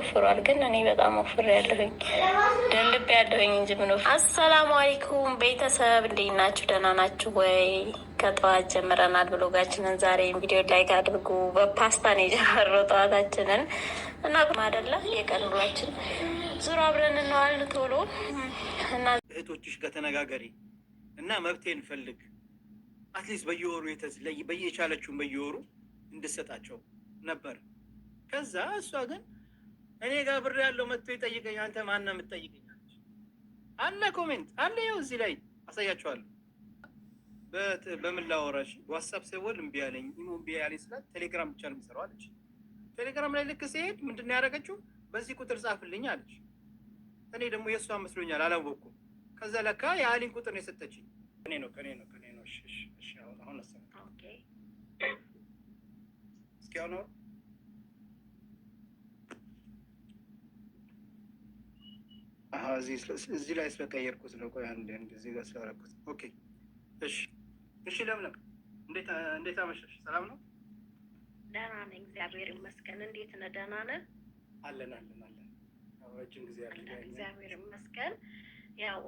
ወፍሯል ግን እኔ በጣም ወፍር ያለሁኝ ደልብ ያለሁኝ እንጂ ምን። አሰላሙ አለይኩም ቤተሰብ እንዴት ናችሁ? ደህና ናችሁ ወይ? ከጠዋት ጀምረናል ብሎጋችንን። ዛሬ ቪዲዮ ላይክ አድርጉ። በፓስታ ነው የጀመረው ጠዋታችንን እና አደለ የቀን ውሏችን ዙሮ አብረን እነዋል ቶሎ እና እህቶችሽ ጋር ተነጋገሪ እና መብቴን ፈልግ አትሊስት በየወሩ የተለየ በየቻለችውን በየወሩ እንድሰጣቸው ነበር። ከዛ እሷ ግን እኔ ጋር ብር ያለው መጥቶ ይጠይቀኝ። አንተ ማን ነው የምትጠይቀኝ? አለ ኮሜንት አለ። ያው እዚህ ላይ አሳያችኋለሁ። በምን ላወራሽ? ዋትሳፕ ስደውል እምቢ አለኝ፣ ኢሞ እምቢ አለኝ ስላት ቴሌግራም ብቻ ነው የሚሰራው አለች። ቴሌግራም ላይ ልክ ሲሄድ ምንድን ነው ያደረገችው? በዚህ ቁጥር ጻፍልኝ አለች። እኔ ደግሞ የእሷ መስሎኛል፣ አላወቅኩም። ከዛ ለካ የአሊን ቁጥር ነው የሰጠችኝ። እኔ ነው ከኔ ነው ከኔ ነው። እሺ እሺ፣ አሁን አሁን እስኪ አሁን እዚህ ላይ ስለቀየርኩት ነው። ቆይ አንድ እዚህ ጋር ስለረኩት። ኦኬ እሺ፣ እሺ። ለምለም እንዴት አመሻሽ? ሰላም ነው? ደህና ነኝ፣ እግዚአብሔር ይመስገን። እንዴት ነህ? ደህና ነህ? አለን አለን አለን። ረጅም ጊዜ አለ። እግዚአብሔር ይመስገን። ያው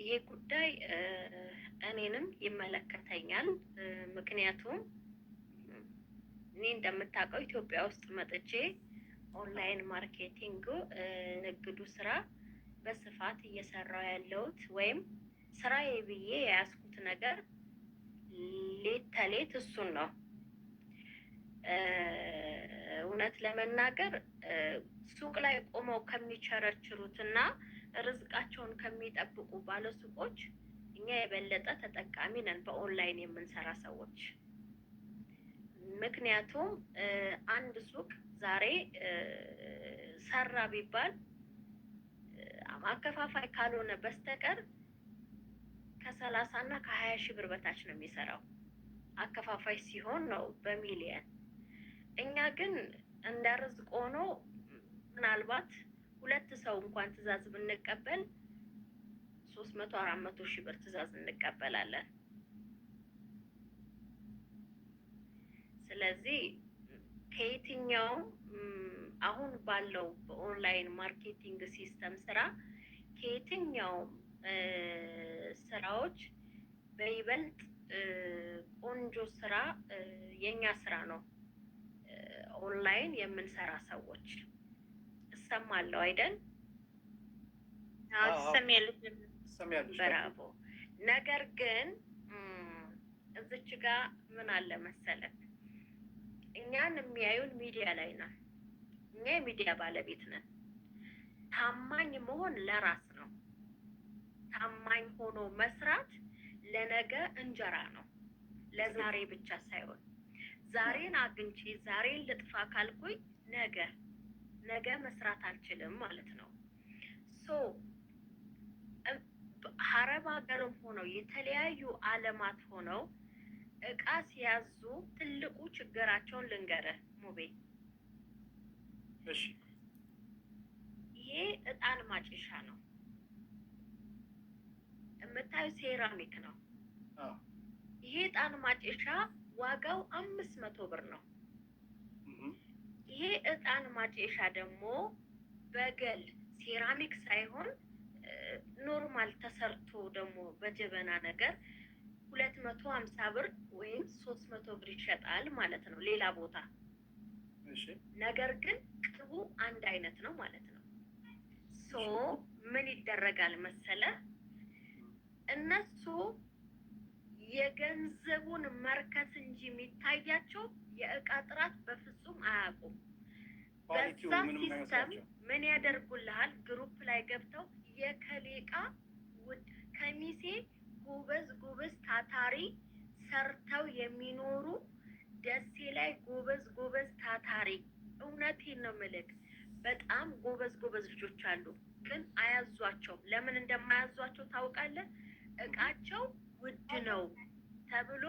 ይሄ ጉዳይ እኔንም ይመለከተኛል። ምክንያቱም እኔ እንደምታውቀው ኢትዮጵያ ውስጥ መጥቼ ኦንላይን ማርኬቲንግ ንግዱ ስራ በስፋት እየሰራው ያለሁት ወይም ስራዬ ብዬ የያዝኩት ነገር ሌት ተሌት እሱን ነው። እውነት ለመናገር ሱቅ ላይ ቆመው ከሚቸረችሩት እና ርዝቃቸውን ከሚጠብቁ ባለሱቆች እኛ የበለጠ ተጠቃሚ ነን በኦንላይን የምንሰራ ሰዎች። ምክንያቱም አንድ ሱቅ ዛሬ ሰራ ቢባል አከፋፋይ ካልሆነ በስተቀር ከሰላሳ እና ከሀያ ሺህ ብር በታች ነው የሚሰራው። አከፋፋይ ሲሆን ነው በሚሊየን። እኛ ግን እንደ ርዝቅ ሆኖ ምናልባት ሁለት ሰው እንኳን ትዕዛዝ ብንቀበል ሶስት መቶ አራት መቶ ሺ ብር ትዕዛዝ እንቀበላለን። ስለዚህ ከየትኛውም አሁን ባለው በኦንላይን ማርኬቲንግ ሲስተም ስራ ከየትኛው ስራዎች በይበልጥ ቆንጆ ስራ የኛ ስራ ነው። ኦንላይን የምንሰራ ሰዎች እሰማለሁ አይደል? ብራቮ። ነገር ግን እዚች ጋ ምን አለ መሰለት እኛን የሚያዩን ሚዲያ ላይ ነው። እኛ የሚዲያ ባለቤት ነን። ታማኝ መሆን ለራስ ነው። ታማኝ ሆኖ መስራት ለነገ እንጀራ ነው፣ ለዛሬ ብቻ ሳይሆን ዛሬን አግኝቼ ዛሬን ልጥፋ ካልኩኝ ነገ ነገ መስራት አልችልም ማለት ነው። ሶ ሀረብ ሀገርም ሆነው የተለያዩ አለማት ሆነው እቃ ሲያዙ ትልቁ ችግራቸውን ልንገረ ሙቤ ይሄ እጣን ማጨሻ ነው የምታዩ፣ ሴራሚክ ነው። ይሄ እጣን ማጨሻ ዋጋው አምስት መቶ ብር ነው። ይሄ እጣን ማጨሻ ደግሞ በገል ሴራሚክ ሳይሆን ኖርማል ተሰርቶ ደግሞ በጀበና ነገር ሁለት መቶ ሀምሳ ብር ወይም ሶስት መቶ ብር ይሸጣል ማለት ነው ሌላ ቦታ ነገር ግን አንድ አይነት ነው ማለት ነው። ሶ ምን ይደረጋል መሰለ እነሱ የገንዘቡን መርከስ እንጂ የሚታያቸው የእቃ ጥራት በፍጹም አያውቁም። በዛ ሲስተም ምን ያደርጉልሃል? ግሩፕ ላይ ገብተው የከሌ እቃ ውድ ከሚሴ ጎበዝ ጎበዝ ታታሪ ሰርተው የሚኖሩ ደሴ ላይ ጎበዝ ጎበዝ ታታሪ እውነቴን ነው የምልህ። በጣም ጎበዝ ጎበዝ ልጆች አሉ፣ ግን አያዟቸውም። ለምን እንደማያዟቸው ታውቃለህ? እቃቸው ውድ ነው ተብሎ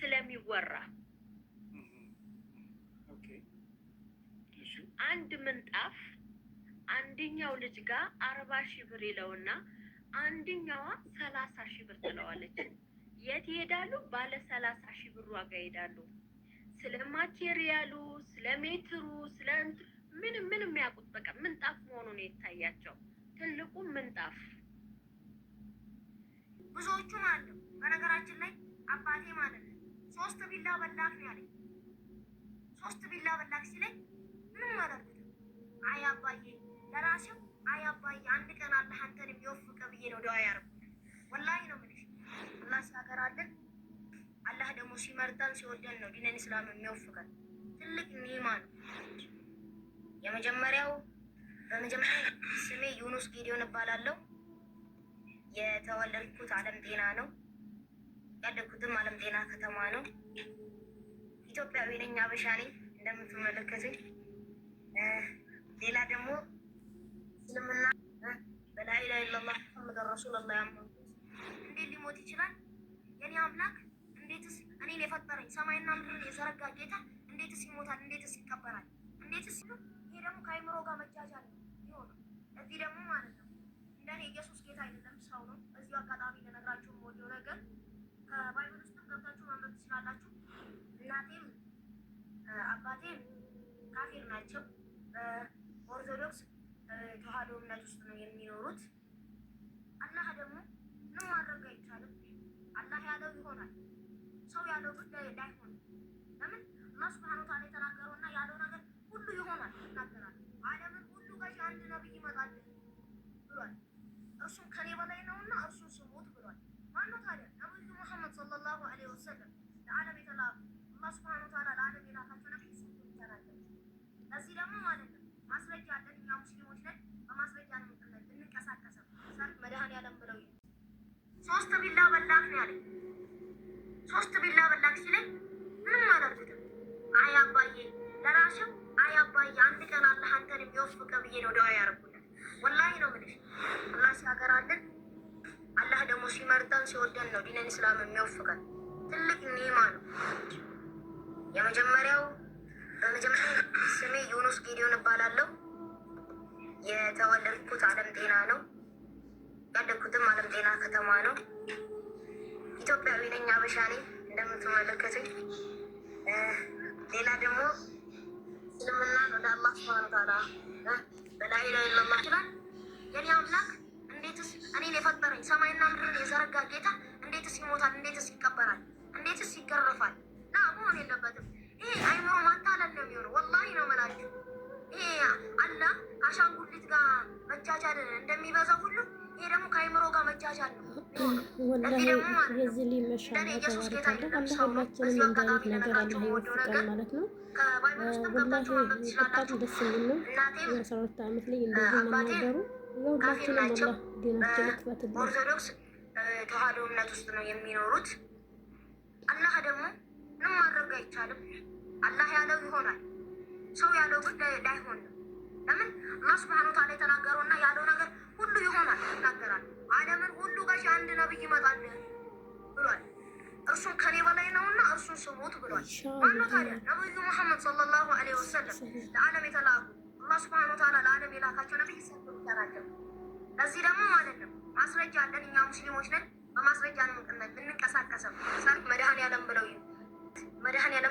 ስለሚወራ አንድ ምንጣፍ አንድኛው ልጅ ጋር አርባ ሺ ብር ይለውና አንድኛዋ ሰላሳ ሺ ብር ትለዋለች። የት ይሄዳሉ? ባለ ሰላሳ ሺ ብር ዋጋ ይሄዳሉ። ስለ ማቴሪያሉ፣ ስለ ሜትሩ፣ ስለ ምንም ምንም የሚያውቁት በቃ ምንጣፍ መሆኑ ነው የታያቸው። ትልቁ ምንጣፍ ብዙዎቹ ማለት በነገራችን ላይ አባቴ ማለት ነው ሶስት ቢላ በላክ ነው ያለኝ። ሶስት ቢላ በላክ ሲለኝ ምን ማለት አይ አባዬ ለራሴው አይ አባዬ አንድ ቀን አለ አንተን የሚወፍቀ ብዬ ነው ደዋ ያርጉ። ወላሂ ነው ምንሽ ላ ሲያገራለን አላህ ደግሞ ሲመርጠን ሲወደን ነው ዲነን እስላም የሚወፍቀን። ትልቅ ኒማ ነው። የመጀመሪያው በመጀመሪያ ስሜ ዩኑስ ጌዲዮን እባላለሁ። የተወለድኩት አለም ጤና ነው። ያደግኩትም አለም ጤና ከተማ ነው። ኢትዮጵያዊ ነኝ፣ አበሻ ነኝ እንደምትመለከትኝ። ሌላ ደግሞ እስልምና ለላ ሐመድ ሙሐመድ ላ ያመንኩት እንዴት ሊሞት ይችላል? የኔ አምላክ እኔን የፈጠረኝ ሰማይና ምድርን የዘረጋ ጌታ እንዴትስ ይሞታል? እንዴትስ ይቀበራል? እንዴትስ ይሉ ይሄ ደግሞ ከአይምሮ ጋር መጃጃል ይሆነ። እዚህ ደግሞ ማለት ነው እንደኔ ኢየሱስ ጌታ አይደለም ሰው ነው። እዚሁ አጋጣሚ ለነግራችሁ ወዲው ነገር ከባይብል ውስጥም ገብታችሁ ማመት ትችላላችሁ። እናቴም አባቴም ካፊር ናቸው። ኦርቶዶክስ ተዋህዶ እምነት ውስጥ ነው የሚኖሩት። ሰው ያለው ጉዳይ ላይሆን ለምን አላህ ስብሐነ ወተዓላ የተናገረውና ያለው ነገር ሁሉ ይሆናል ይናገራል። ዓለምን ሁሉ ገዥ አንድ ነብይ ይመጣል ብሏል። እርሱም ከኔ በላይ ነውና እርሱ ስሙት ብሏል። ማነው ታዲያ? ነብዩ መሐመድ ሰለላሁ ዐለይሂ ወሰለም ለዓለም የተላኩ አላህ ስብሐነ ወተዓላ ለዓለም የላካቸው ነብይ ስሙ ይተናገሩ። ለዚህ ደግሞ ማለት ነው ማስረጃ አለን እኛ ሙስሊሞች ነን። በማስረጃ ነው የምንቀሳቀሰው። መድኃኔዓለም ብለው ሶስት ቢላ በላክ ነው ያለኝ ሶስት ቢላ በላክ ሲለኝ ምንም አላልኩትም። አይ አባዬ ለራሽም አይ አባዬ አንድ ቀን አለ አንተን የሚወፍቀ ብዬ ነው ደዋ ያደርጉለት። ወላሂ ነው ምልሽ። አላህ ሲያገራልን አላህ ደግሞ ሲመርጠን ሲወደን ነው ዲነን እስላም የሚወፍቀን ትልቅ ኒማ ነው። የመጀመሪያው በመጀመሪያ ስሜ ዩኑስ ጌዲዮን እባላለሁ። የተወለድኩት አለም ጤና ነው። ያደግኩትም አለም ጤና ከተማ ነው። ኢትዮጵያዊ ነኝ፣ አበሻ ነኝ እንደምትመለከቱኝ። ሌላ ደግሞ እስልምና ወደ አላህ ስብሃነ ተዓላ በላኢላሃ ኢለላህ ይላል። የኔ አምላክ እንዴትስ እኔን የፈጠረኝ ሰማይና ምድርን የዘረጋ ጌታ እንዴትስ ይሞታል? እንዴትስ ይቀበራል? እንዴትስ ይገረፋል? ና መሆን የለበትም። ይሄ አይምሮ ማታለል ነው የሚሆነው። ወላሂ ነው መላችሁ። ይሄ አላህ አሻንጉሊት ጋር መጃጃል እንደሚበዛው ሁሉ ይሄ ደግሞ ከአይምሮ ጋር መጃጃል ነው። ወላሂ የዚህ ሊመሻላ ተባርካለ አላ ሁላችንም እንዳሉት ነገር አለ ይወፍቃል ማለት ነው። ወላሂ በጣም ደስ የሚል ነው። የአስራ ሁለት ዓመት ላይ እንደዚህ መናገሩ የሁላችንም ወላ ዲናችን ይክፈትልን። ኦርቶዶክስ ተዋህዶ እምነት ውስጥ ነው የሚኖሩት። አላህ ደግሞ ምን ማድረግ አይቻልም። አላህ ያለው ይሆናል። ሰው ያለው ግን ላይሆን ነው ለምን አላህ ስብሐነ ወተዓላ የተናገረውና ያለው ነገር ሁሉ ይሆናል፣ ይናገራል። አለምን ሁሉ ገዢ አንድ ነብይ ይመጣል ብሏል። እርሱም ከኔ በላይ ነውና እርሱን ስሙት ብሏል። ማነው ታዲያ? ነብዩ ሙሐመድ ሰለላሁ ዐለይሂ ወሰለም ለዓለም የተላኩ አላህ ስብሐነ ወተዓላ ለዓለም የላካቸው ነብይ ሰብሩታ ለዚህ ደግሞ ማለት ነው ማስረጃ አለን እኛ ሙስሊሞች ነን። በማስረጃ ነው የምንቀሳቀሰው። መድኃኔ ዓለም ብለው መድኃኔ